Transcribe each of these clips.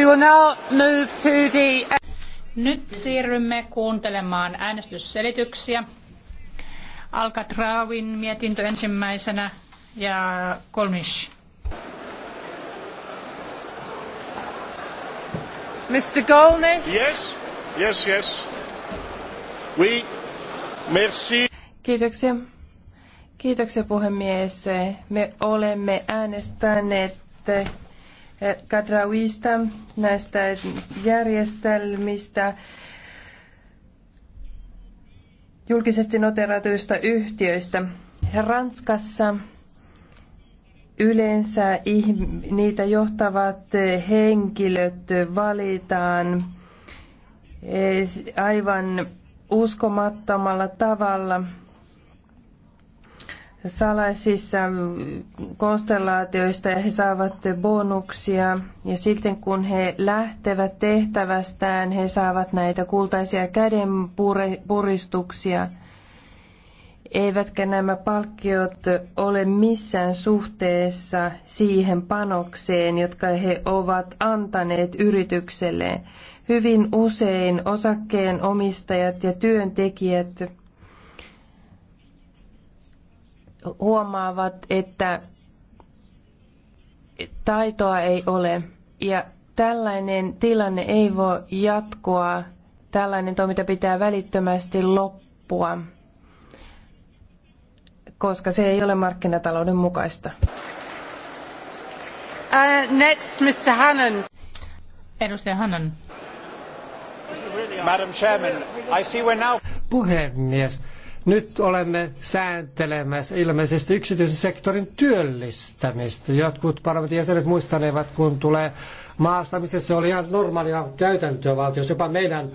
We will now move to the... Nyt siirrymme kuuntelemaan äänestysselityksiä. Alcatrawin mietintö ensimmäisenä ja Kolmish. Mr. Golnish? Yes, yes, yes. We... merci. Kiitoksia. Kiitoksia puhemies. Me olemme äänestäneet Kadrauista, näistä järjestelmistä, julkisesti noteratuista yhtiöistä. Ranskassa yleensä niitä johtavat henkilöt valitaan eh, aivan uskomattomalla tavalla – salaisissa konstellaatioista ja he saavat bonuksia. Ja sitten kun he lähtevät tehtävästään, he saavat näitä kultaisia kädenpuristuksia. Eivätkä nämä palkkiot ole missään suhteessa siihen panokseen, jotka he ovat antaneet yritykselle Hyvin usein osakkeenomistajat ja työntekijät – huomaavat, että taitoa ei ole. Ja tällainen tilanne ei voi jatkua. Tällainen toiminta pitää välittömästi loppua, koska se ei ole markkinatalouden mukaista. Uh, next, Mr. Hannan. Edustaja Hannan. Madam Chairman, I see we're now... Puhemies, nyt olemme sääntelemässä ilmeisesti yksityisen sektorin työllistämistä. Jotkut parlamentin jäsenet muistanevat, kun tulee maasta, missä se oli ihan normaalia käytäntöä valtiossa. Jopa meidän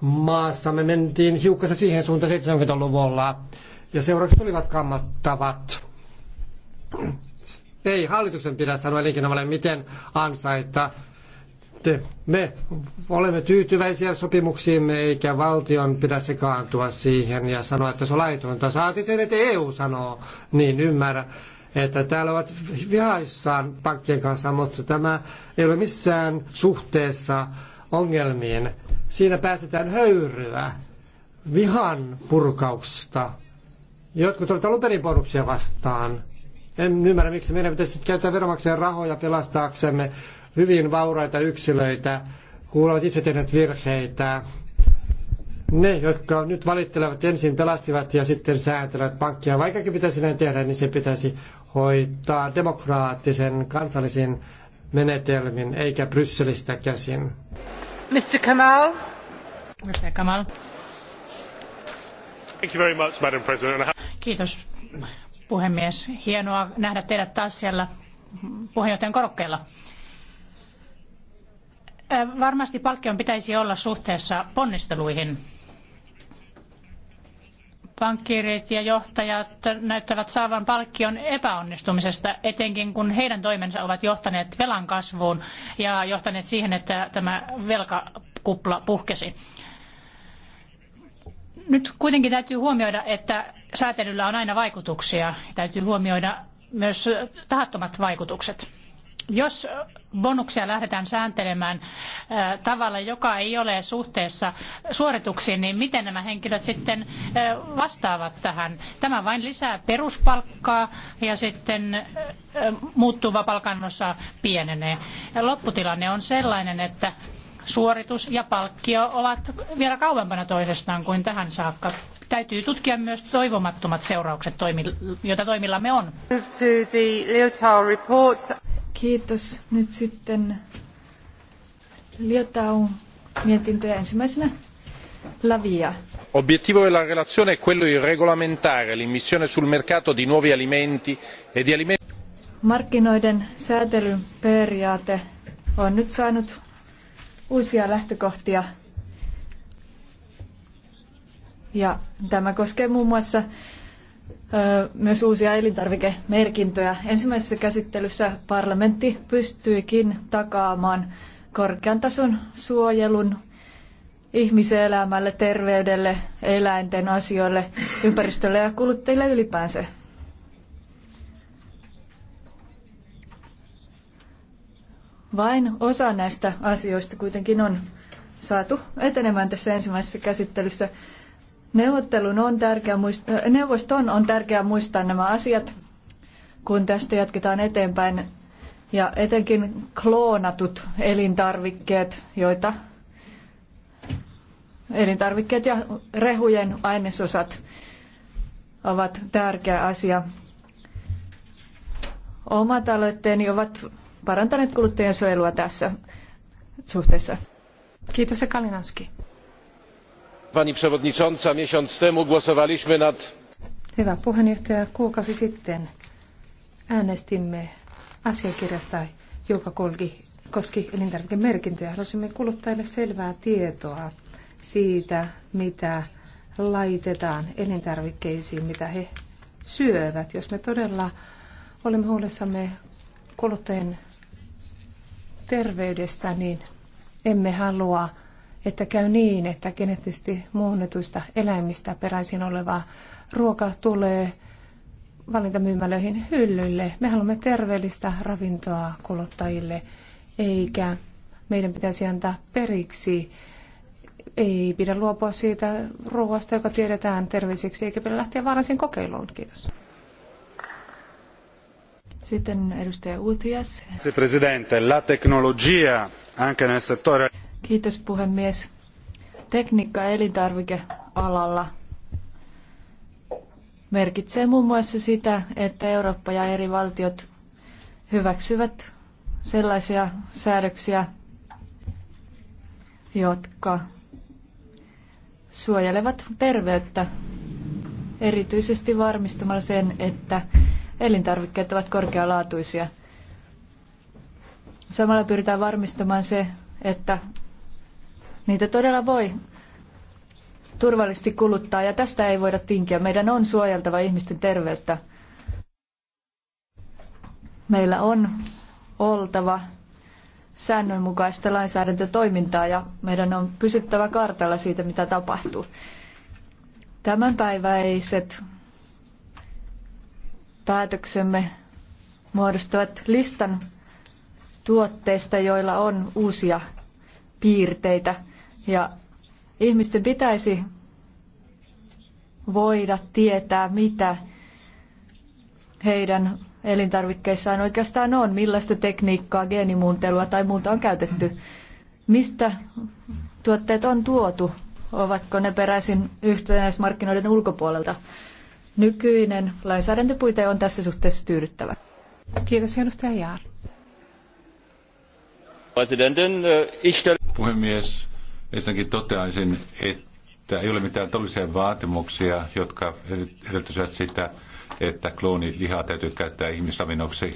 maassamme mentiin hiukkasen siihen suuntaan 70-luvulla. Ja seuraukset tulivat kammattavat. Ei hallituksen pidä sanoa elinkeinomalle, miten ansaita että me olemme tyytyväisiä sopimuksiimme, eikä valtion pidä sekaantua siihen ja sanoa, että se on laitonta. Saati sen, että EU sanoo, niin ymmärrä, että täällä ovat vihaissaan pankkien kanssa, mutta tämä ei ole missään suhteessa ongelmiin. Siinä päästetään höyryä, vihan purkausta. Jotkut ovat alun perin vastaan. En ymmärrä, miksi meidän pitäisi käyttää veronmaksajan rahoja pelastaaksemme hyvin vauraita yksilöitä, kun itse tehneet virheitä. Ne, jotka nyt valittelevat, ensin pelastivat ja sitten säätelevät pankkia. Vaikkakin pitäisi näin tehdä, niin se pitäisi hoitaa demokraattisen kansallisen menetelmin, eikä Brysselistä käsin. Mr. Kamal. Mr. Kamal. Thank you very much, Madam President. Kiitos puhemies. Hienoa nähdä teidät taas siellä puheenjohtajan korokkeella. Varmasti palkkion pitäisi olla suhteessa ponnisteluihin. Pankkiirit ja johtajat näyttävät saavan palkkion epäonnistumisesta, etenkin kun heidän toimensa ovat johtaneet velan kasvuun ja johtaneet siihen, että tämä velkakupla puhkesi nyt kuitenkin täytyy huomioida, että säätelyllä on aina vaikutuksia. Täytyy huomioida myös tahattomat vaikutukset. Jos bonuksia lähdetään sääntelemään äh, tavalla, joka ei ole suhteessa suorituksiin, niin miten nämä henkilöt sitten äh, vastaavat tähän? Tämä vain lisää peruspalkkaa ja sitten äh, muuttuva palkanosa pienenee. Lopputilanne on sellainen, että suoritus ja palkkio ovat vielä kauempana toisestaan kuin tähän saakka. Täytyy tutkia myös toivomattomat seuraukset, joita toimillamme on. Kiitos. Nyt sitten Liotau mietintöjä ensimmäisenä. Lavia. Obiettivo della relazione è quello di regolamentare l'immissione sul mercato di nuovi alimenti e di alimenti. Markkinoiden säätelyperiaate on nyt saanut uusia lähtökohtia. Ja tämä koskee muun muassa myös uusia elintarvikemerkintöjä. Ensimmäisessä käsittelyssä parlamentti pystyikin takaamaan korkean tason suojelun ihmiselämälle, terveydelle, eläinten asioille, ympäristölle ja kuluttajille ylipäänsä. Vain osa näistä asioista kuitenkin on saatu etenemään tässä ensimmäisessä käsittelyssä. Neuvottelun on tärkeä muist- äh, neuvoston on tärkeää muistaa nämä asiat, kun tästä jatketaan eteenpäin. Ja etenkin kloonatut elintarvikkeet, joita elintarvikkeet ja rehujen ainesosat ovat tärkeä asia. Omat aloitteeni ovat parantaneet kuluttajien suojelua tässä suhteessa. Kiitos ja pani przewodnicząca! miesiąc temu głosowaliśmy nad. hyvä puheenjohtaja kuukausi sitten äänestimme asiakirjasta joka koski elintarvikemerkintöjä. halusimme kuluttajille selvää tietoa siitä mitä laitetaan elintarvikkeisiin mitä he syövät. jos me todella olemme huolissamme kuluttajien terveydestä niin emme halua että käy niin, että geneettisesti muunnetuista eläimistä peräisin oleva ruoka tulee valintamyymälöihin hyllylle. Me haluamme terveellistä ravintoa kuluttajille, eikä meidän pitäisi antaa periksi. Ei pidä luopua siitä ruoasta, joka tiedetään terveiseksi, eikä pidä lähteä vaarallisiin kokeiluun. Kiitos. Sitten edustaja Uutias. Presidente, la teknologia, anche nel settore Kiitos puhemies. Tekniikka elintarvikealalla merkitsee muun muassa sitä, että Eurooppa ja eri valtiot hyväksyvät sellaisia säädöksiä, jotka suojelevat terveyttä erityisesti varmistamalla sen, että elintarvikkeet ovat korkealaatuisia. Samalla pyritään varmistamaan se, että Niitä todella voi turvallisesti kuluttaa ja tästä ei voida tinkiä. Meidän on suojeltava ihmisten terveyttä. Meillä on oltava säännönmukaista lainsäädäntötoimintaa ja meidän on pysyttävä kartalla siitä, mitä tapahtuu. Tämänpäiväiset päätöksemme muodostavat listan tuotteista, joilla on uusia piirteitä – ja ihmisten pitäisi voida tietää, mitä heidän elintarvikkeissaan oikeastaan on, millaista tekniikkaa, geenimuuntelua tai muuta on käytetty, mistä tuotteet on tuotu, ovatko ne peräisin yhtenäismarkkinoiden ulkopuolelta. Nykyinen lainsäädäntöpuite on tässä suhteessa tyydyttävä. Kiitos edustaja Jaar. Äh, Puhemies, Ensinnäkin toteaisin, että ei ole mitään tollisia vaatimuksia, jotka edellyttäisivät sitä, että kloonilihaa täytyy käyttää ihmisavinnoksi.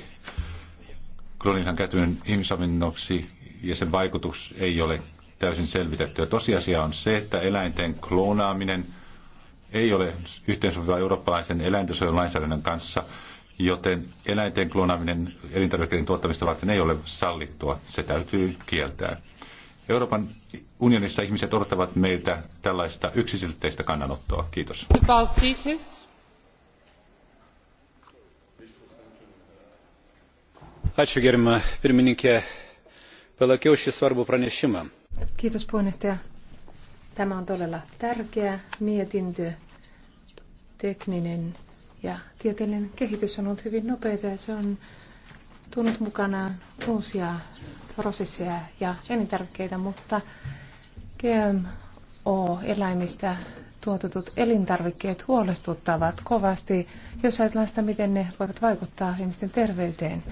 Kloonilihan käyttöön ihmisavinnoksi ja sen vaikutus ei ole täysin Ja Tosiasia on se, että eläinten kloonaaminen ei ole yhteensopiva eurooppalaisen lainsäädännön kanssa, joten eläinten kloonaaminen elintarvikkeiden tuottamista varten ei ole sallittua. Se täytyy kieltää. Euroopan unionissa ihmiset odottavat meiltä tällaista yksiselitteistä kannanottoa. Kiitos. Ačiū gerima pirmininkė. Palaikiau šį svarbų pranešimą. Kiitos puheenjohtaja. Tämä on todella tärkeä mietintö, tekninen ja tieteellinen kehitys on ollut hyvin nopeaa ja se on tuonut mukanaan uusia prosesseja ja elintarvikkeita, mutta GMO-eläimistä tuotetut elintarvikkeet huolestuttavat kovasti, jos ajatellaan sitä, miten ne voivat vaikuttaa ihmisten terveyteen.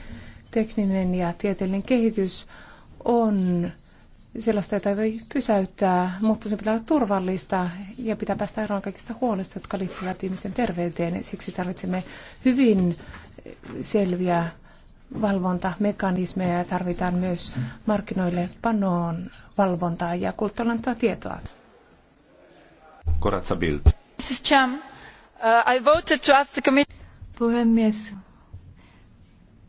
Tekninen ja tieteellinen kehitys on sellaista, jota ei voi pysäyttää, mutta se pitää olla turvallista ja pitää päästä eroon kaikista huolista, jotka liittyvät ihmisten terveyteen. Siksi tarvitsemme hyvin selviä valvontamekanismeja ja tarvitaan myös markkinoille panoon valvontaa ja kulttuurantaa tietoa. Koratsa Bild. Uh, I voted to ask the Puhemies,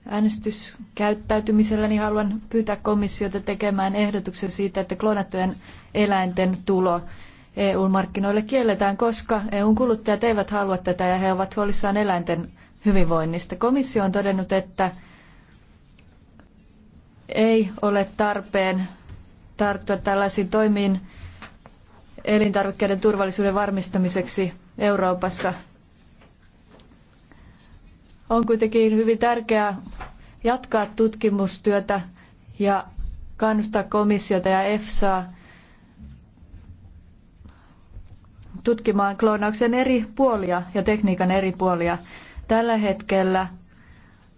äänestyskäyttäytymiselläni niin haluan pyytää komissiota tekemään ehdotuksen siitä, että kloonattujen eläinten tulo EU-markkinoille kielletään, koska eu kuluttajat eivät halua tätä ja he ovat huolissaan eläinten hyvinvoinnista. Komissio on todennut, että ei ole tarpeen tarttua tällaisiin toimiin elintarvikkeiden turvallisuuden varmistamiseksi Euroopassa. On kuitenkin hyvin tärkeää jatkaa tutkimustyötä ja kannustaa komissiota ja EFSAa tutkimaan kloonauksen eri puolia ja tekniikan eri puolia. Tällä hetkellä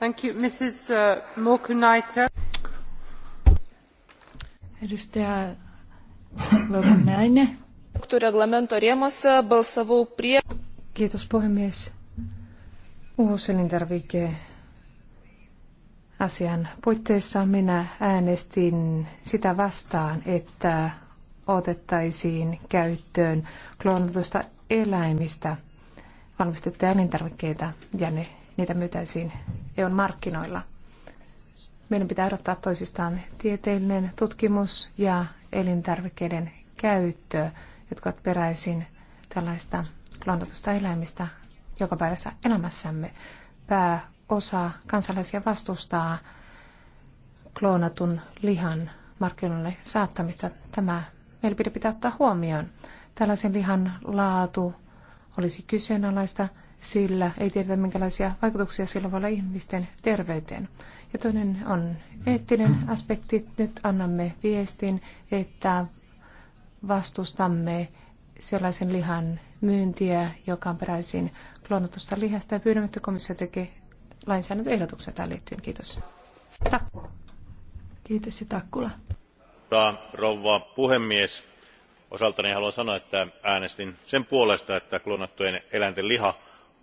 Thank you. Mrs. Uh, Edustaja Lopunainen. Reglamento rėmose balsavau prie. Kiitos puhemies. Uuselintarvike asian puitteissa minä äänestin sitä vastaan, että otettaisiin käyttöön kloonatusta eläimistä valmistettuja elintarvikkeita ja ne niitä myytäisiin EUn markkinoilla. Meidän pitää erottaa toisistaan tieteellinen tutkimus ja elintarvikkeiden käyttö, jotka ovat peräisin tällaista klonatusta eläimistä joka päivässä elämässämme. Pääosa kansalaisia vastustaa kloonatun lihan markkinoille saattamista. Tämä mielipide pitää ottaa huomioon. Tällaisen lihan laatu olisi kyseenalaista sillä ei tiedetä minkälaisia vaikutuksia sillä voi olla ihmisten terveyteen. Ja toinen on eettinen aspekti. Nyt annamme viestin, että vastustamme sellaisen lihan myyntiä, joka on peräisin kloonatusta lihasta ja pyydämme, että komissio tekee lainsäädäntöehdotuksen tähän liittyen. Kiitos. Takkula. Kiitos ja Takkula. Rouva puhemies, osaltani haluan sanoa, että äänestin sen puolesta, että kloonattujen eläinten liha –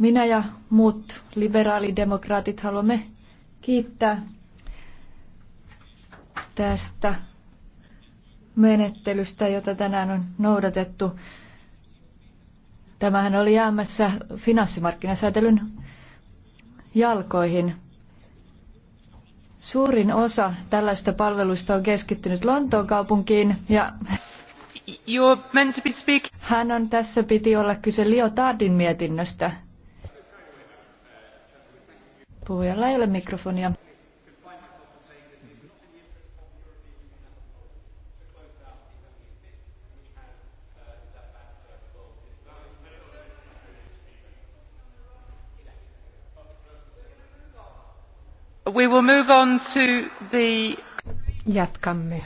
Minä ja muut liberaalidemokraatit haluamme kiittää tästä menettelystä, jota tänään on noudatettu. Tämähän oli jäämässä finanssimarkkinasäätelyn jalkoihin. Suurin osa tällaista palveluista on keskittynyt Lontoon kaupunkiin ja Hän on tässä piti olla kyse Leo Tardin mietinnöstä. Puhujalla ei ole mikrofonia. We will move on to the... Jatkamme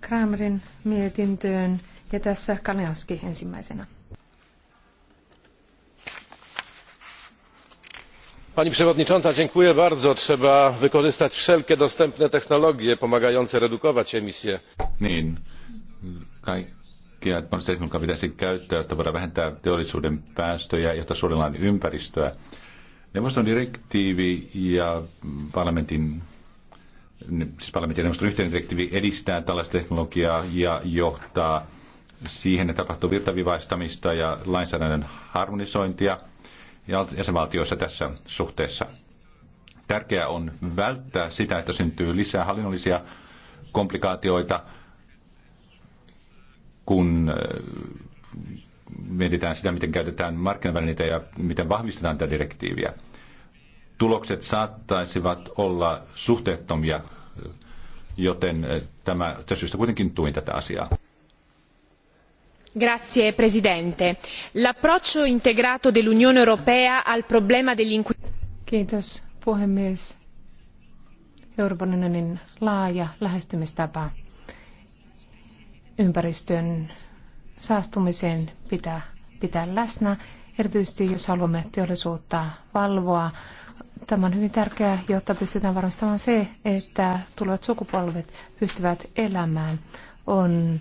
Kramerin mietintöön ja tässä Kaneaski ensimmäisenä. pani przewodnicząca! trzeba wykorzystać wszelkie dostępne technologie pomagające redukować emisje. Niin. kaikkia pitäisi käyttää jotta voidaan vähentää teollisuuden päästöjä jotta suojellaan ympäristöä. Neuvoston direktiivi ja parlamentin siis parlamentin neuvoston yhteinen direktiivi edistää tällaista teknologiaa ja johtaa siihen, että tapahtuu virtavivaistamista ja lainsäädännön harmonisointia – jäsenvaltioissa tässä suhteessa. Tärkeää on välttää sitä, että syntyy lisää hallinnollisia komplikaatioita, kun äh, mietitään sitä, miten käytetään markkinavälineitä ja miten vahvistetaan tätä direktiiviä. Tulokset saattaisivat olla suhteettomia, joten äh, tämä, tästä syystä kuitenkin tuin tätä asiaa signor presidente onorevoli colleghi l'approccio integrato dell'unione europea al problema dell'inquinamento. euroopan unionin laaja lähestymistapa ympäristön pitää pitää läsnä valvoa. Tämä on hyvin tärkeää, jotta pystytään varmistamaan se, että tulevat sukupolvet pystyvät elämään. On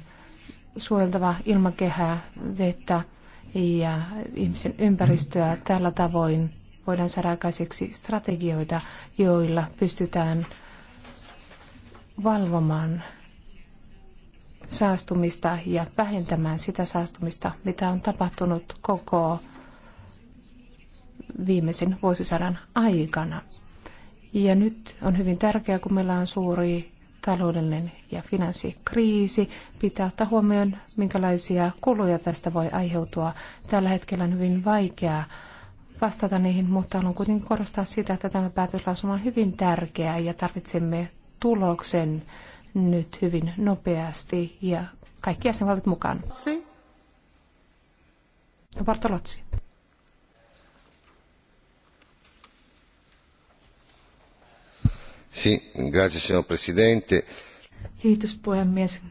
suojeltava ilmakehää, vettä ja ihmisen ympäristöä. Tällä tavoin voidaan saada aikaiseksi strategioita, joilla pystytään valvomaan saastumista ja vähentämään sitä saastumista, mitä on tapahtunut koko viimeisen vuosisadan aikana. Ja nyt on hyvin tärkeää, kun meillä on suuri taloudellinen ja finanssikriisi. Pitää ottaa huomioon, minkälaisia kuluja tästä voi aiheutua. Tällä hetkellä on hyvin vaikeaa vastata niihin, mutta haluan kuitenkin korostaa sitä, että tämä päätöslausuma on hyvin tärkeä ja tarvitsemme tuloksen nyt hyvin nopeasti ja kaikki jäsenvaltiot mukaan. Bartolotsi. Si, signor presidente. Kiitos puhemies.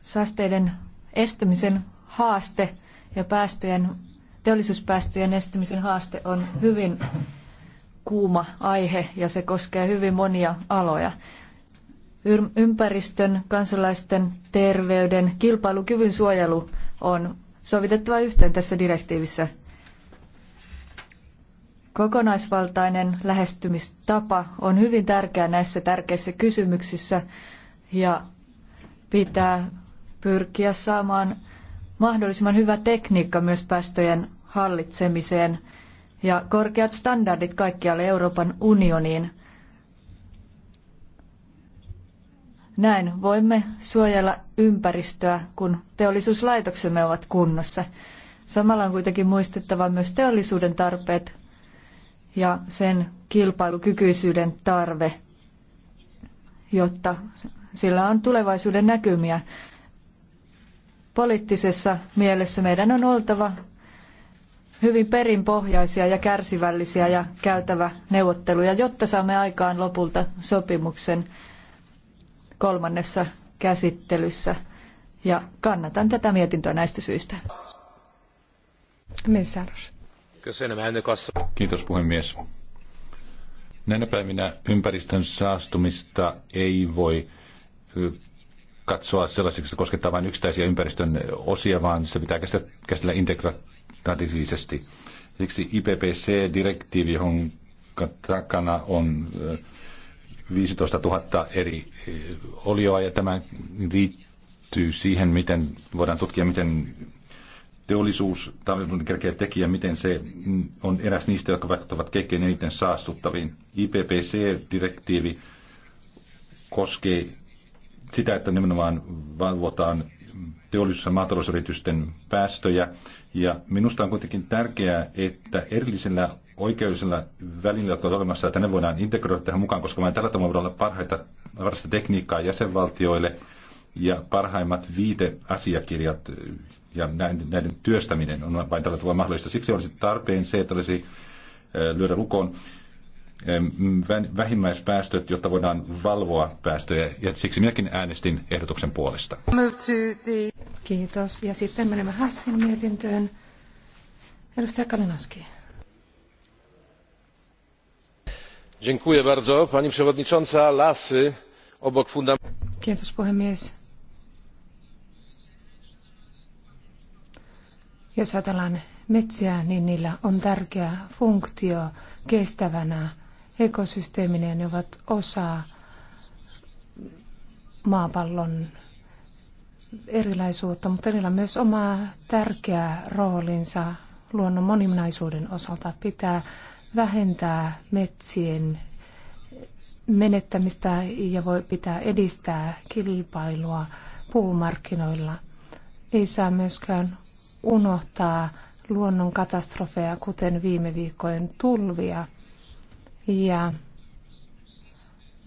Saasteiden estämisen haaste ja päästöjen, teollisuuspäästöjen estämisen haaste on hyvin kuuma aihe ja se koskee hyvin monia aloja. Ympäristön, kansalaisten, terveyden, kilpailukyvyn suojelu on sovitettava yhteen tässä direktiivissä. Kokonaisvaltainen lähestymistapa on hyvin tärkeä näissä tärkeissä kysymyksissä ja pitää pyrkiä saamaan mahdollisimman hyvä tekniikka myös päästöjen hallitsemiseen ja korkeat standardit kaikkialle Euroopan unioniin. Näin voimme suojella ympäristöä, kun teollisuuslaitoksemme ovat kunnossa. Samalla on kuitenkin muistettava myös teollisuuden tarpeet ja sen kilpailukykyisyyden tarve, jotta sillä on tulevaisuuden näkymiä. Poliittisessa mielessä meidän on oltava hyvin perinpohjaisia ja kärsivällisiä ja käytävä neuvotteluja, jotta saamme aikaan lopulta sopimuksen kolmannessa käsittelyssä. Ja kannatan tätä mietintöä näistä syistä. Mesarus. Kiitos puhemies. Näinä päivinä ympäristön saastumista ei voi katsoa sellaiseksi, että koskettaa vain yksittäisiä ympäristön osia, vaan se pitää käsitellä integratiivisesti. Siksi IPPC-direktiivi, jonka takana on 15 000 eri olioa, ja tämä liittyy siihen, miten voidaan tutkia, miten teollisuus tarjontun kerkeä tekijä, miten se on eräs niistä, jotka vaikuttavat kaikkein eniten saastuttaviin. IPPC-direktiivi koskee sitä, että nimenomaan valvotaan teollisuus- ja maatalousyritysten päästöjä. Ja minusta on kuitenkin tärkeää, että erillisellä oikeudellisella välillä, jotka ovat olemassa, että ne voidaan integroida tähän mukaan, koska vain tällä tavalla voidaan olla parhaita varasta tekniikkaa jäsenvaltioille ja parhaimmat viite asiakirjat ja näiden, näiden työstäminen on vain tällä tavalla mahdollista. Siksi olisi tarpeen se, että olisi lyödä lukoon vähimmäispäästöt, jotta voidaan valvoa päästöjä, ja siksi minäkin äänestin ehdotuksen puolesta. Kiitos. Ja sitten menemme Hassin mietintöön. Edustaja Kalinaski. Dziękuję bardzo. Pani przewodnicząca, lasy obok fundamentu. Kiitos puhemies. Jos ajatellaan metsiä, niin niillä on tärkeä funktio kestävänä ekosysteeminä. Ne ovat osa maapallon erilaisuutta, mutta niillä on myös oma tärkeä roolinsa luonnon moninaisuuden osalta. Pitää vähentää metsien menettämistä ja voi pitää edistää kilpailua puumarkkinoilla. Ei saa myöskään unohtaa luonnon katastrofeja, kuten viime viikkojen tulvia ja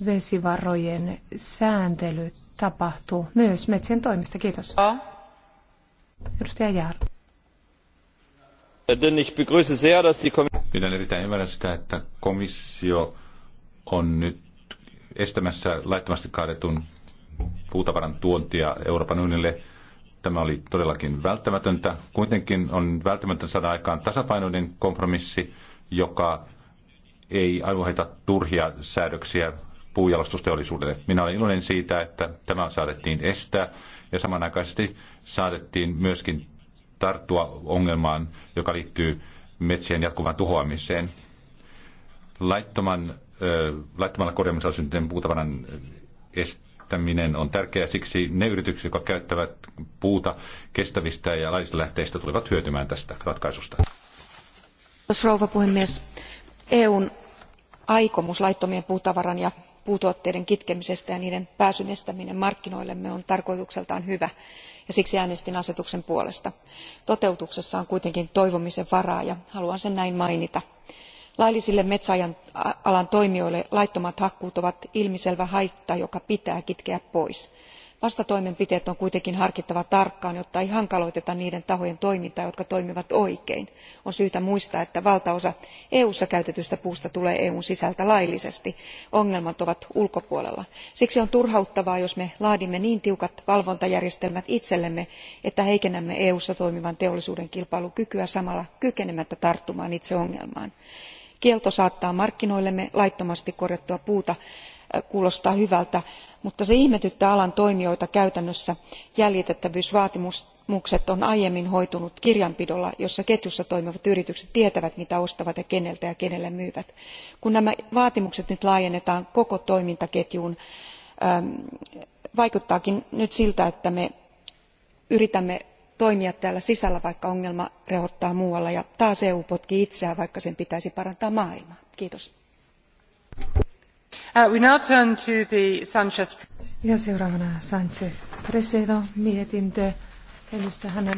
vesivarojen sääntely tapahtuu myös metsien toimista. Kiitos. Edustaja Jaar. Pidän erittäin hyvänä sitä, että komissio on nyt estämässä laittomasti kaadetun puutavaran tuontia Euroopan unionille – Tämä oli todellakin välttämätöntä. Kuitenkin on välttämätöntä saada aikaan tasapainoinen kompromissi, joka ei aivoheta turhia säädöksiä puujalostusteollisuudelle. Minä olen iloinen siitä, että tämä saatettiin estää ja samanaikaisesti saatettiin myöskin tarttua ongelmaan, joka liittyy metsien jatkuvan tuhoamiseen. Laittoman, äh, laittomalla korjaamisella syntyneen puutavaran käyttäminen on tärkeää, siksi ne yritykset, jotka käyttävät puuta kestävistä ja laillisista lähteistä, tulevat hyötymään tästä ratkaisusta. Rouva puhemies, EUn aikomus laittomien puutavaran ja puutuotteiden kitkemisestä ja niiden pääsyn estäminen markkinoillemme on tarkoitukseltaan hyvä ja siksi äänestin asetuksen puolesta. toteutuksessa on kuitenkin toivomisen varaa ja haluan sen näin mainita laillisille metsäalan toimijoille laittomat hakkuut ovat ilmiselvä haitta joka pitää kitkeä pois. vastatoimenpiteet on kuitenkin harkittava tarkkaan jotta ei hankaloiteta niiden tahojen toimintaa jotka toimivat oikein. on syytä muistaa että valtaosa eu ssa käytetystä puusta tulee eu n sisältä laillisesti ongelmat ovat ulkopuolella. siksi on turhauttavaa jos me laadimme niin tiukat valvontajärjestelmät itsellemme että heikennämme eu ssa toimivan teollisuuden kilpailukykyä samalla kykenemättä tarttumaan itse ongelmaan kielto saattaa markkinoillemme laittomasti korjattua puuta kuulostaa hyvältä mutta se ihmetyttää alan toimijoita käytännössä. jäljitettävyysvaatimukset on aiemmin hoitunut kirjanpidolla jossa ketjussa toimivat yritykset tietävät mitä ostavat ja keneltä ja kenelle myyvät. kun nämä vaatimukset nyt laajennetaan koko toimintaketjuun vaikuttaakin nyt siltä että me yritämme toimia täällä sisällä vaikka ongelma rehottaa muualla ja taas eu potkii itseään vaikka sen pitäisi parantaa maailmaa. Kiitos. Uh, um,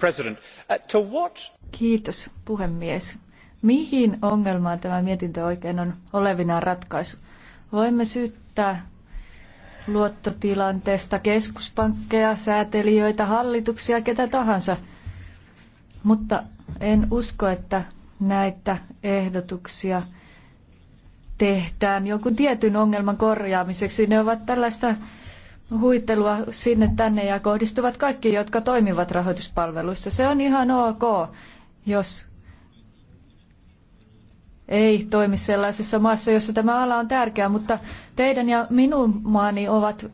President, uh, to what... Kiitos puhemies. Mihin ongelmaan tämä mietintö oikein on olevinaan ratkaisu? Voimme syyttää luottotilanteesta keskuspankkeja, säätelijöitä, hallituksia, ketä tahansa. Mutta en usko, että näitä ehdotuksia tehdään jonkun tietyn ongelman korjaamiseksi. Ne ovat tällaista huitelua sinne tänne ja kohdistuvat kaikki, jotka toimivat rahoituspalveluissa. Se on ihan ok, jos ei toimi sellaisessa maassa, jossa tämä ala on tärkeä, mutta teidän ja minun maani ovat,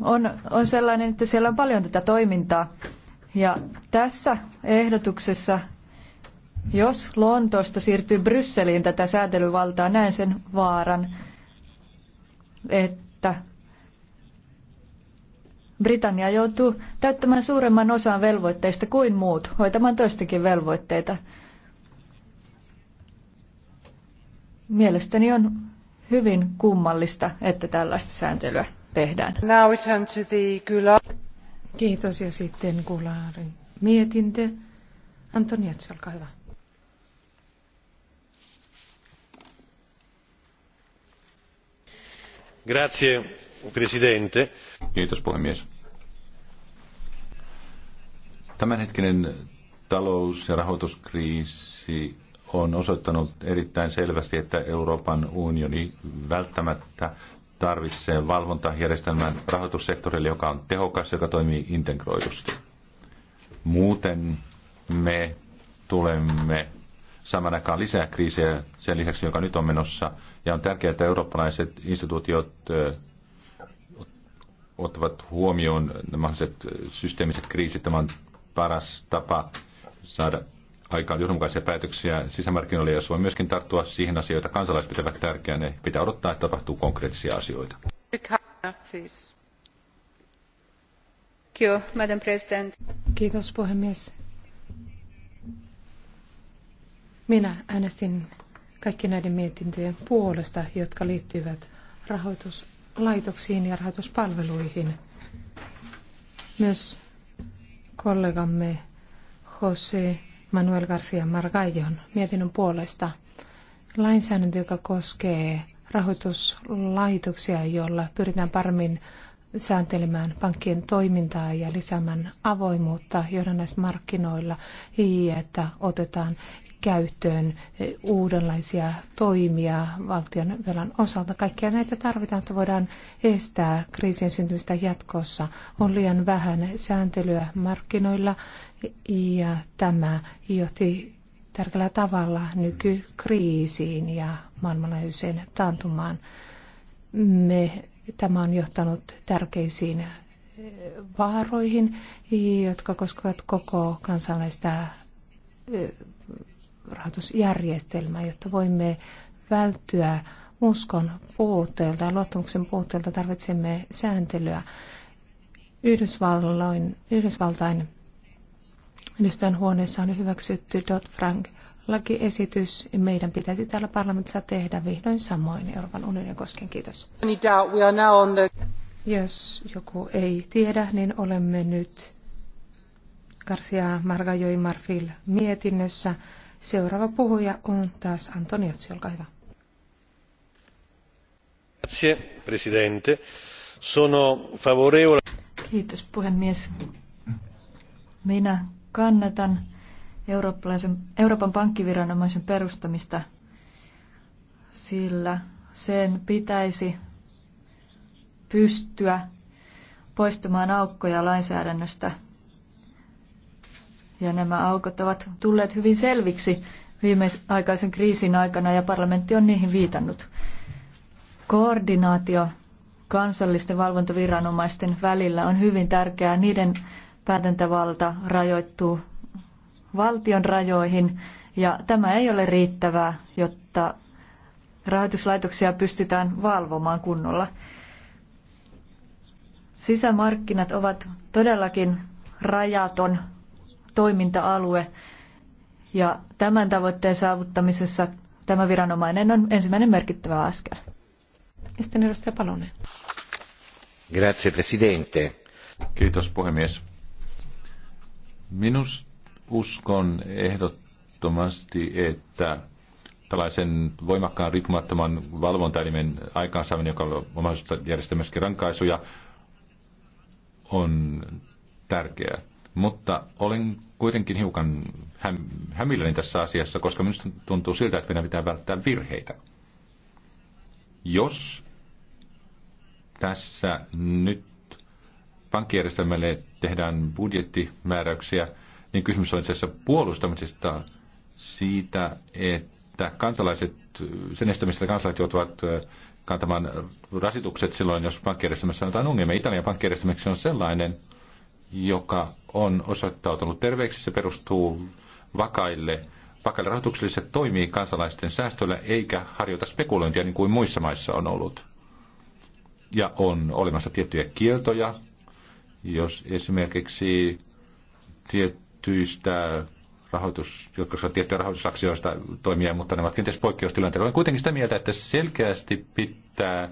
on, on sellainen, että siellä on paljon tätä toimintaa. Ja tässä ehdotuksessa, jos Lontoosta siirtyy Brysseliin tätä säätelyvaltaa, näen sen vaaran, että Britannia joutuu täyttämään suuremman osan velvoitteista kuin muut, hoitamaan toistakin velvoitteita. Mielestäni on hyvin kummallista, että tällaista sääntelyä tehdään. Now we turn to the Gular. Kiitos ja sitten Gularin mietintö. Antoni olkaa hyvä. Grazie, presidente. Kiitos puhemies. Tämänhetkinen talous- ja rahoituskriisi on osoittanut erittäin selvästi, että Euroopan unioni välttämättä tarvitsee valvontajärjestelmän rahoitussektorille, joka on tehokas, joka toimii integroidusti. Muuten me tulemme saman aikaan lisää kriisejä sen lisäksi, joka nyt on menossa. Ja on tärkeää, että eurooppalaiset instituutiot ottavat huomioon nämä mahdolliset systeemiset kriisit. Tämä on paras tapa saada aikaan johdonmukaisia päätöksiä sisämarkkinoille, jos voi myöskin tarttua siihen asioita, joita kansalaiset pitävät tärkeänä. Pitää odottaa, että tapahtuu konkreettisia asioita. Kiitos puhemies. Minä äänestin kaikki näiden mietintöjen puolesta, jotka liittyvät rahoituslaitoksiin ja rahoituspalveluihin. Myös kollegamme Jose Manuel García Margallon mietinnön puolesta. Lainsäädäntö, joka koskee rahoituslaitoksia, joilla pyritään paremmin sääntelemään pankkien toimintaa ja lisäämään avoimuutta johdannaismarkkinoilla, että otetaan käyttöön e, uudenlaisia toimia valtion velan osalta. Kaikkia näitä tarvitaan, että voidaan estää kriisien syntymistä jatkossa. On liian vähän sääntelyä markkinoilla ja tämä johti tärkeällä tavalla nykykriisiin ja maailmanlaajuiseen taantumaan. Me, tämä on johtanut tärkeisiin e, vaaroihin, jotka koskevat koko kansalaista e, rahoitusjärjestelmää, jotta voimme välttyä uskon puutteelta ja luottamuksen puutteelta tarvitsemme sääntelyä. Yhdysvalloin, Yhdysvaltain Yhdistään huoneessa on hyväksytty Dodd-Frank lakiesitys. Meidän pitäisi täällä parlamentissa tehdä vihdoin samoin Euroopan unionin kosken. Kiitos. Jos joku ei tiedä, niin olemme nyt Garcia Margajoi Marfil mietinnössä. Seuraava puhuja on taas olkaa hyvä. Kiitos puhemies. Minä kannatan Euroopan pankkiviranomaisen perustamista, sillä sen pitäisi pystyä poistamaan aukkoja lainsäädännöstä ja nämä aukot ovat tulleet hyvin selviksi viimeaikaisen kriisin aikana ja parlamentti on niihin viitannut. Koordinaatio kansallisten valvontaviranomaisten välillä on hyvin tärkeää. Niiden päätäntävalta rajoittuu valtion rajoihin ja tämä ei ole riittävää, jotta rahoituslaitoksia pystytään valvomaan kunnolla. Sisämarkkinat ovat todellakin rajaton toiminta-alue. Ja tämän tavoitteen saavuttamisessa tämä viranomainen on ensimmäinen merkittävä askel. Ja sitten edustaja Palonen. Grazie, presidente. Kiitos puhemies. Minus uskon ehdottomasti, että tällaisen voimakkaan riippumattoman valvontaelimen aikaansaaminen, joka on omaisuutta järjestää myöskin rankaisuja, on tärkeää. Mutta olen kuitenkin hiukan häm- hämilläni tässä asiassa, koska minusta tuntuu siltä, että meidän pitää välttää virheitä. Jos tässä nyt pankkijärjestelmälle tehdään budjettimääräyksiä, niin kysymys on itse asiassa puolustamisesta siitä, että kansalaiset, sen estämistä kansalaiset joutuvat kantamaan rasitukset silloin, jos pankkijärjestelmässä on jotain ongelmia. Italian pankkijärjestelmäksi on sellainen, joka on osoittautunut terveeksi. Se perustuu vakaille, vakaille rahoituksille. Se toimii kansalaisten säästöllä, eikä harjoita spekulointia niin kuin muissa maissa on ollut. Ja on olemassa tiettyjä kieltoja, jos esimerkiksi tiettyistä rahoitus, jotka ovat tiettyjä rahoitusaktioista toimia, mutta ne ovat kenties poikkeustilanteita. Olen kuitenkin sitä mieltä, että selkeästi pitää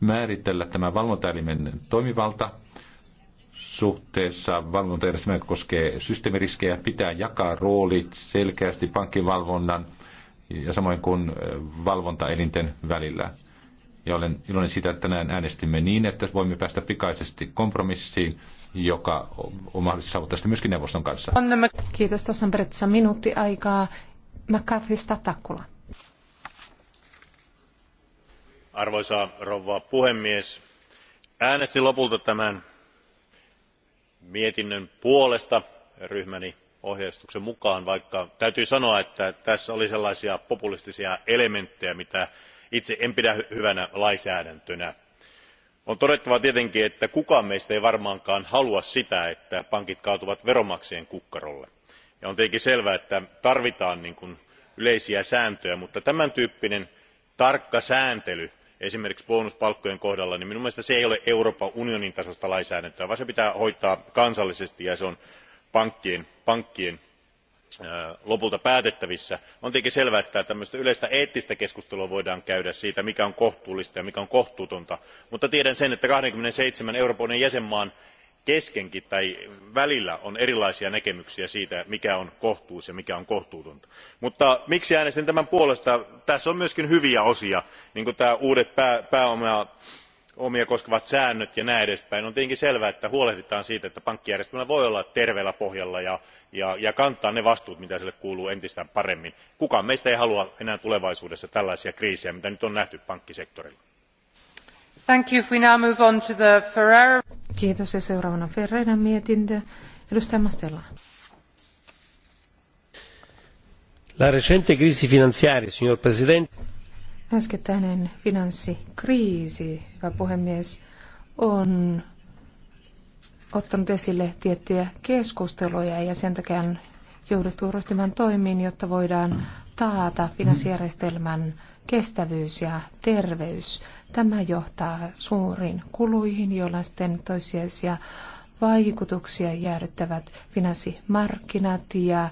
määritellä tämä valvontaelimen toimivalta suhteessa valvontajärjestelmä koskee systeemiriskejä, pitää jakaa roolit selkeästi pankkivalvonnan ja samoin kuin valvontaelinten välillä. Ja olen iloinen siitä, että tänään äänestimme niin, että voimme päästä pikaisesti kompromissiin, joka on mahdollista saavuttaa myöskin neuvoston kanssa. Kiitos. Tässä on periaatteessa minuutti aikaa. McCarthysta Takkula. Arvoisa rouva puhemies, äänestin lopulta tämän mietinnön puolesta ryhmäni ohjeistuksen mukaan vaikka täytyy sanoa että tässä oli sellaisia populistisia elementtejä joita itse en pidä hyvänä lainsäädäntönä. on todettava tietenkin että kukaan meistä ei varmaankaan halua sitä että pankit kaatuvat veronmaksajien kukkarolle ja on tietenkin selvää että tarvitaan niin kuin yleisiä sääntöjä mutta tämän tyyppinen tarkka sääntely esimerkiksi bonuspalkkojen kohdalla niin minun mielestäni se ei ole euroopan unionin tasoista lainsäädäntöä vaan se pitää hoitaa kansallisesti ja se on pankkien lopulta päätettävissä. on tietenkin selvää että tällaista yleistä eettistä keskustelua voidaan käydä siitä mikä on kohtuullista ja mikä on kohtuutonta mutta tiedän sen että kaksikymmentäseitsemän euroopan unionin jäsenmaan keskenkin tai välillä on erilaisia näkemyksiä siitä mikä on kohtuus ja mikä on kohtuutonta. mutta miksi äänestin tämän puolesta? tässä on myös hyviä osia niin kuin nämä uudet pääomia koskevat säännöt ja näin edespäin. on tietenkin selvää että huolehditaan siitä että pankkijärjestelmä voi olla terveellä pohjalla ja, ja kantaa ne vastuut mitä sille kuuluu entistä paremmin. kukaan meistä ei halua enää tulevaisuudessa tällaisia kriisejä mitä nyt on nähty pankkisektorilla Kiitos ja seuraavana Ferreiran mietintö. Edustaja Mastella. La recente crisi finanziaria, signor Presidente. Äskettäinen finanssikriisi, hyvä puhemies, on ottanut esille tiettyjä keskusteluja ja sen takia on jouduttu ryhtymään toimiin, jotta voidaan taata finanssijärjestelmän kestävyys ja terveys. Tämä johtaa suuriin kuluihin, joilla sitten toisiaisia vaikutuksia jäädyttävät finanssimarkkinat ja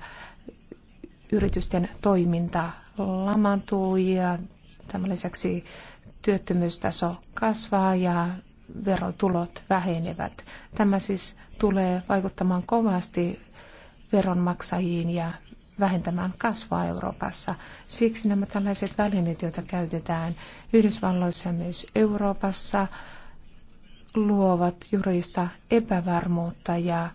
yritysten toiminta lamantuu ja tämän lisäksi työttömyystaso kasvaa ja verotulot vähenevät. Tämä siis tulee vaikuttamaan kovasti veronmaksajiin ja vähentämään kasvua Euroopassa. Siksi nämä tällaiset välineet, joita käytetään Yhdysvalloissa ja myös Euroopassa, luovat juridista epävarmuutta ja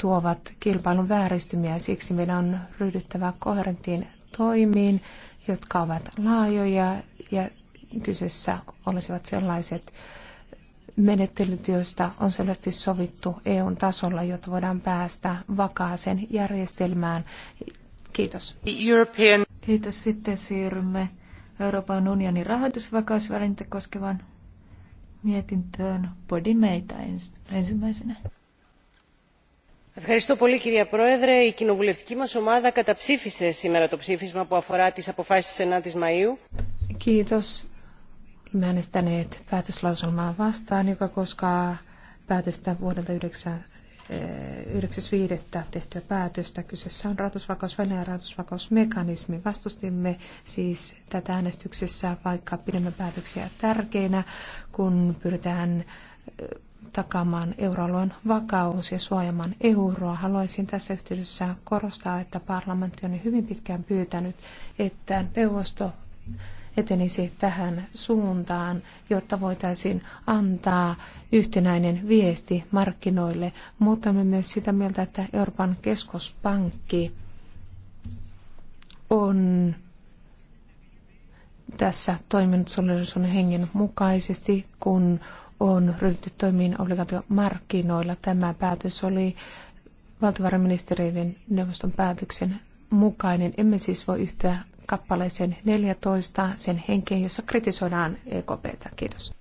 tuovat kilpailun vääristymiä. Siksi meidän on ryhdyttävä koherenttiin toimiin, jotka ovat laajoja ja kyseessä olisivat sellaiset menettelyt, joista on selvästi sovittu EUn tasolla, jotta voidaan päästä vakaaseen järjestelmään. Kiitos. European... Kiitos. Sitten siirrymme Euroopan unionin rahoitusvakausvälinettä koskevan mietintöön. Podimeita ens, ensimmäisenä. Ευχαριστώ πολύ κυρία Πρόεδρε. Η κοινοβουλευτική μας ομάδα καταψήφισε σήμερα το ψήφισμα που αφορά τις αποφάσεις της 9 Μαΐου. Kiitos äänestäneet päätöslauselmaa vastaan, joka koskaa päätöstä vuodelta 9, 9.5. Eh, tehtyä päätöstä. Kyseessä on rahoitusvakausväline ja rahoitusvakausmekanismi. Vastustimme siis tätä äänestyksessä, vaikka pidämme päätöksiä tärkeinä, kun pyritään eh, takaamaan euroalueen vakaus ja suojamaan euroa. Haluaisin tässä yhteydessä korostaa, että parlamentti on hyvin pitkään pyytänyt, että neuvosto etenisi tähän suuntaan, jotta voitaisiin antaa yhtenäinen viesti markkinoille. Mutta me myös sitä mieltä, että Euroopan keskuspankki on tässä toiminut solidarisuuden hengen mukaisesti, kun on ryhdytty toimiin obligaatiomarkkinoilla. Tämä päätös oli valtiovarainministeriöiden neuvoston päätöksen mukainen. Emme siis voi yhtyä kappaleeseen 14, sen henkeen, jossa kritisoidaan EKPtä. Kiitos.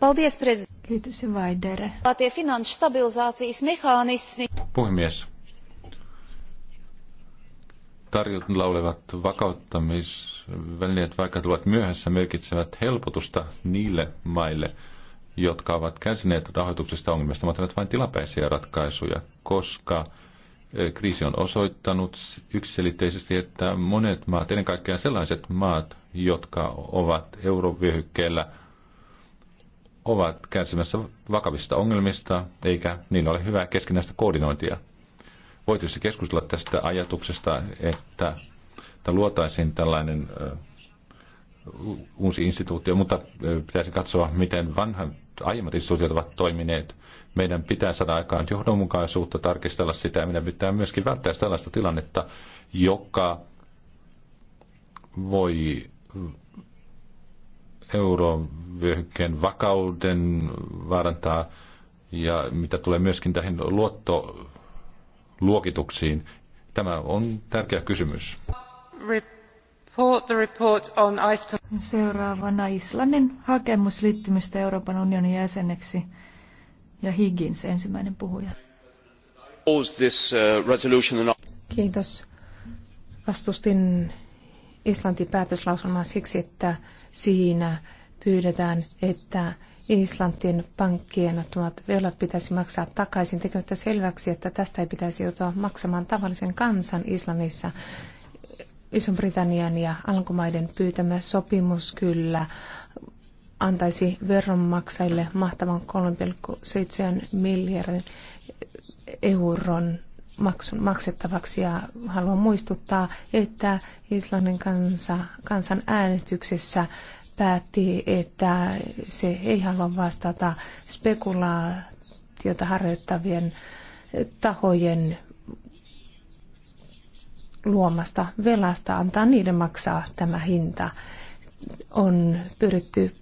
Paldies, Kiitos, Vaidere. Puhemies. Tarjolla laulevat vakauttamisvälineet, vaikka tulevat myöhässä, merkitsevät helpotusta niille maille, jotka ovat kärsineet rahoituksesta ongelmista, mutta ovat vain tilapäisiä ratkaisuja, koska kriisi on osoittanut yksiselitteisesti, että monet maat, ennen kaikkea sellaiset maat, jotka ovat eurovyöhykkeellä, ovat kärsimässä vakavista ongelmista, eikä niillä ole hyvää keskinäistä koordinointia. Voitaisiin keskustella tästä ajatuksesta, että, että luotaisiin tällainen uusi instituutio, mutta pitäisi katsoa, miten vanhan aiemmat instituutiot ovat toimineet. Meidän pitää saada aikaan johdonmukaisuutta, tarkistella sitä ja meidän pitää myöskin välttää sellaista tilannetta, joka voi eurovyöhykkeen vakauden vaarantaa ja mitä tulee myöskin tähän luottoluokituksiin. Tämä on tärkeä kysymys. Rip Seuraavana Islannin hakemus liittymistä Euroopan unionin jäseneksi ja Higgins ensimmäinen puhuja. Uh, Kiitos. Vastustin Islantin päätöslauselmaa siksi, että siinä pyydetään, että Islantin pankkien ottamat velat pitäisi maksaa takaisin, tekemättä selväksi, että tästä ei pitäisi joutua maksamaan tavallisen kansan Islannissa Iso-Britannian ja Alankomaiden pyytämä sopimus kyllä antaisi veronmaksajille mahtavan 3,7 miljardin euron maksun maksettavaksi ja haluan muistuttaa, että Islannin kansa, kansan äänestyksessä päätti, että se ei halua vastata spekulaatiota harjoittavien tahojen luomasta velasta, antaa niiden maksaa tämä hinta. On pyritty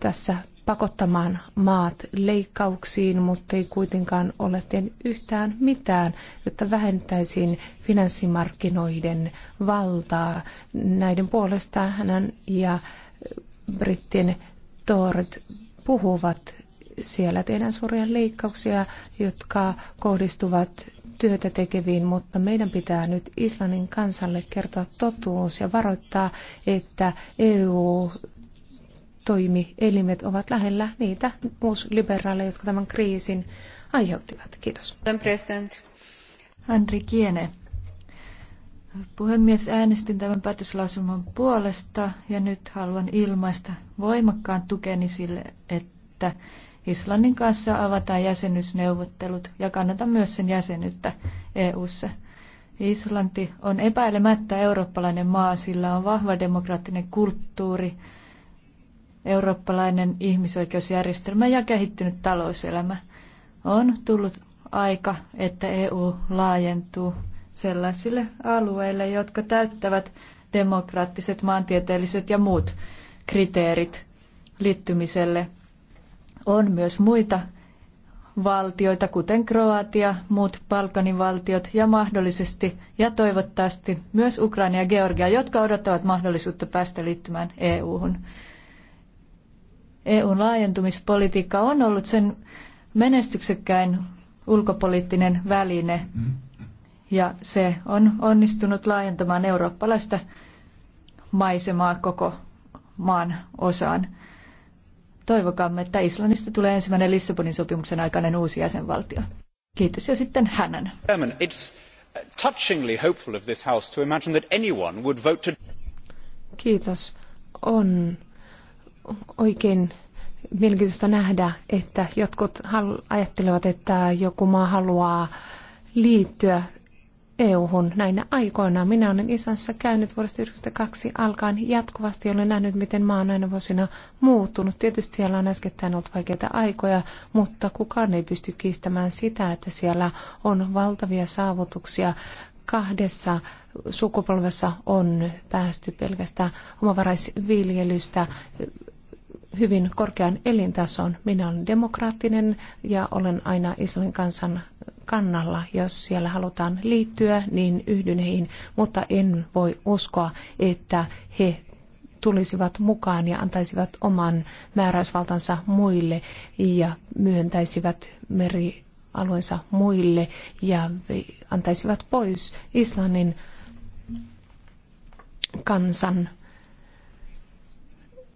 tässä pakottamaan maat leikkauksiin, mutta ei kuitenkaan ole tehnyt yhtään mitään, jotta vähentäisiin finanssimarkkinoiden valtaa. Näiden puolesta hänen ja brittien toorit puhuvat. Siellä tehdään suuria leikkauksia, jotka kohdistuvat työtä tekeviin, mutta meidän pitää nyt Islannin kansalle kertoa totuus ja varoittaa, että EU toimielimet ovat lähellä niitä uusliberaaleja, jotka tämän kriisin aiheuttivat. Kiitos. Andri Kiene. Puhemies, äänestin tämän päätöslausuman puolesta ja nyt haluan ilmaista voimakkaan tukeni sille, että Islannin kanssa avataan jäsenyysneuvottelut ja kannatan myös sen jäsenyyttä EU:ssa. Islanti on epäilemättä eurooppalainen maa, sillä on vahva demokraattinen kulttuuri, eurooppalainen ihmisoikeusjärjestelmä ja kehittynyt talouselämä. On tullut aika, että EU laajentuu sellaisille alueille, jotka täyttävät demokraattiset, maantieteelliset ja muut kriteerit liittymiselle on myös muita valtioita, kuten Kroatia, muut Balkanin valtiot ja mahdollisesti ja toivottavasti myös Ukraina ja Georgia, jotka odottavat mahdollisuutta päästä liittymään EU-hun. EUn laajentumispolitiikka on ollut sen menestyksekkäin ulkopoliittinen väline ja se on onnistunut laajentamaan eurooppalaista maisemaa koko maan osaan. Toivokamme, että Islannista tulee ensimmäinen Lissabonin sopimuksen aikainen uusi jäsenvaltio. Kiitos ja sitten hänen. Uh, Kiitos. On oikein mielenkiintoista nähdä, että jotkut ajattelevat, että joku maa haluaa liittyä EU-hun näinä aikoina. Minä olen isänsä käynyt vuodesta 1992 alkaen jatkuvasti olen nähnyt, miten maa on aina vuosina muuttunut. Tietysti siellä on äskettäin ollut vaikeita aikoja, mutta kukaan ei pysty kiistämään sitä, että siellä on valtavia saavutuksia kahdessa sukupolvessa on päästy pelkästään omavaraisviljelystä hyvin korkean elintason. Minä olen demokraattinen ja olen aina Israelin kansan kannalla. Jos siellä halutaan liittyä, niin yhdyn heihin, mutta en voi uskoa, että he tulisivat mukaan ja antaisivat oman määräysvaltansa muille ja myöntäisivät merialueensa muille ja antaisivat pois Islannin kansan